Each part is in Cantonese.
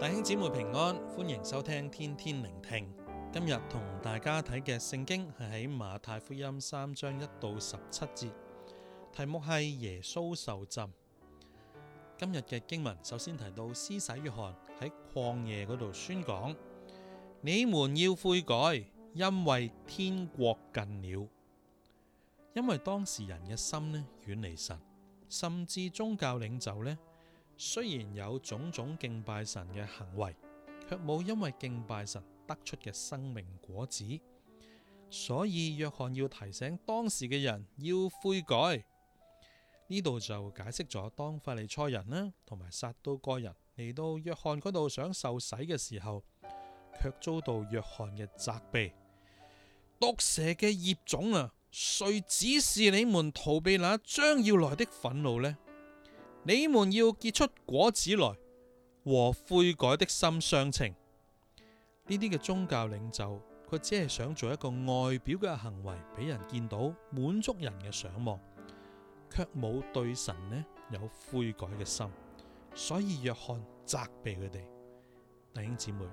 弟兄姊妹平安，歡迎收聽天天聆聽。今日同大家睇嘅聖經係喺馬太福音三章一到十七節，題目係耶穌受浸。今日嘅經文首先提到施洗約翰喺曠野嗰度宣講：「你們要悔改，因為天國近了。因為當時人嘅心呢遠離神，甚至宗教領袖呢。雖然有種種敬拜神嘅行為，卻冇因為敬拜神得出嘅生命果子，所以約翰要提醒當時嘅人要悔改。呢度就解釋咗當法利賽人啦，同埋撒都該人嚟到約翰嗰度想受洗嘅時候，卻遭到約翰嘅責備。毒蛇嘅孽種啊，誰指示你們逃避那將要來的憤怒呢？你們要結出果子來，和悔改的心相稱。呢啲嘅宗教領袖，佢只係想做一個外表嘅行為俾人見到，滿足人嘅想望，卻冇對神呢有悔改嘅心。所以約翰責備佢哋。弟兄姊妹，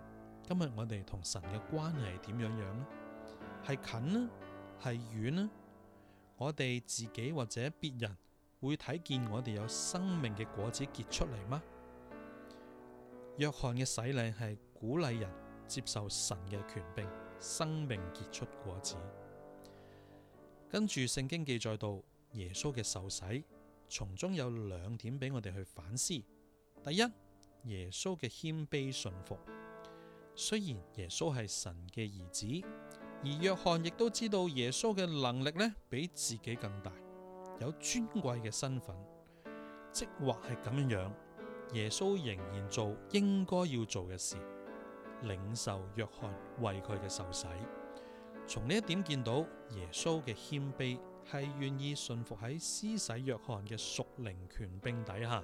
今日我哋同神嘅關係係點樣樣呢？係近呢、啊？係遠呢、啊？我哋自己或者別人？會睇見我哋有生命嘅果子結出嚟嗎？約翰嘅洗禮係鼓勵人接受神嘅權柄，生命結出果子。跟住聖經記載到耶穌嘅受洗，從中有兩點俾我哋去反思：第一，耶穌嘅謙卑順服。雖然耶穌係神嘅兒子，而約翰亦都知道耶穌嘅能力咧，比自己更大。有尊貴嘅身份，即或係咁樣，耶穌仍然做應該要做嘅事，領受約翰為佢嘅受洗。從呢一點見到耶穌嘅謙卑，係願意順服喺施洗約翰嘅屬靈權柄底下。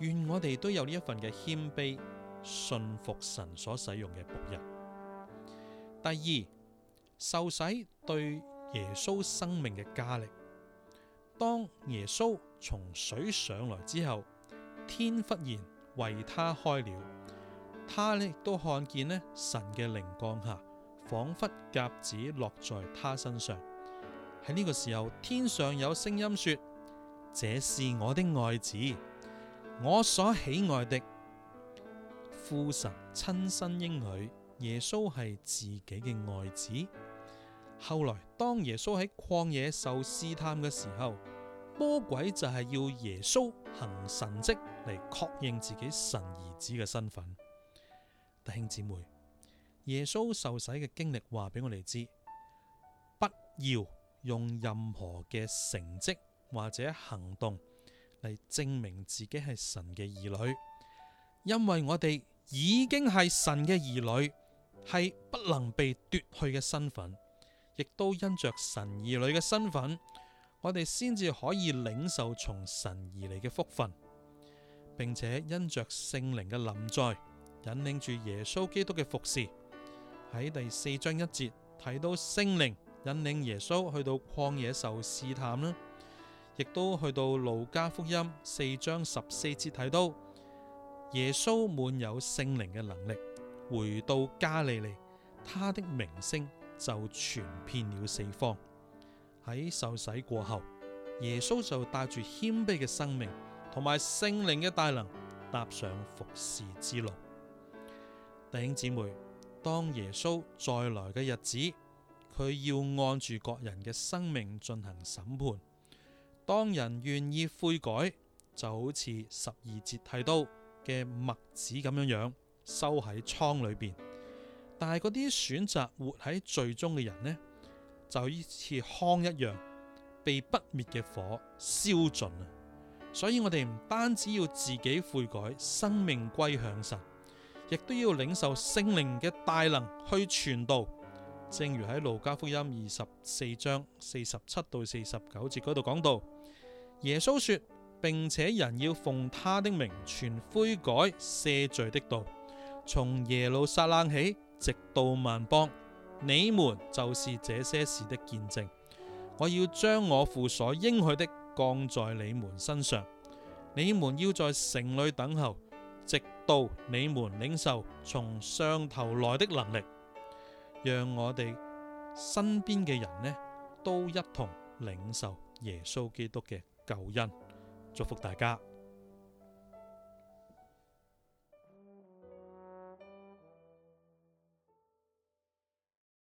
願我哋都有呢一份嘅謙卑，順服神所使用嘅僕人。第二，受洗對耶穌生命嘅加力。當耶穌從水上來之後，天忽然為他開了，他亦都看見咧神嘅靈降下，仿佛鴿子落在他身上。喺呢個時候，天上有聲音說：這是我的愛子，我所喜愛的。父神親身應許，耶穌係自己嘅愛子。後來當耶穌喺曠野受試探嘅時候，魔鬼就係要耶穌行神蹟嚟確認自己神兒子嘅身份。弟兄姊妹，耶穌受洗嘅經歷話俾我哋知，不要用任何嘅成績或者行動嚟證明自己係神嘅兒女，因為我哋已經係神嘅兒女，係不能被奪去嘅身份。亦都因着神兒女嘅身份，我哋先至可以領受從神而嚟嘅福分，並且因着聖靈嘅臨在，引領住耶穌基督嘅服侍。喺第四章一節提到聖靈引領耶穌去到曠野受試探啦，亦都去到路加福音四章十四節提到耶穌滿有聖靈嘅能力，回到加利利，他的名聲。就傳遍了四方。喺受洗過後，耶穌就帶住謙卑嘅生命同埋聖靈嘅大能，踏上服侍之路。弟兄姊妹，當耶穌再來嘅日子，佢要按住各人嘅生命進行審判。當人願意悔改，就好似十二節提到嘅麥子咁樣樣，收喺倉裏邊。但係嗰啲選擇活喺罪中嘅人呢，就好似糠一樣，被不滅嘅火燒盡。所以我哋唔單止要自己悔改，生命歸向神，亦都要領受聖靈嘅大能去傳道。正如喺路加福音二十四章四十七到四十九節嗰度講到，耶穌說，並且人要奉他的名傳悔改、赦罪的道，從耶路撒冷起。直到萬邦，你們就是這些事的見證。我要將我父所應許的降在你們身上。你們要在城裏等候，直到你們領受從上頭來的能力。讓我哋身邊嘅人呢，都一同領受耶穌基督嘅救恩。祝福大家。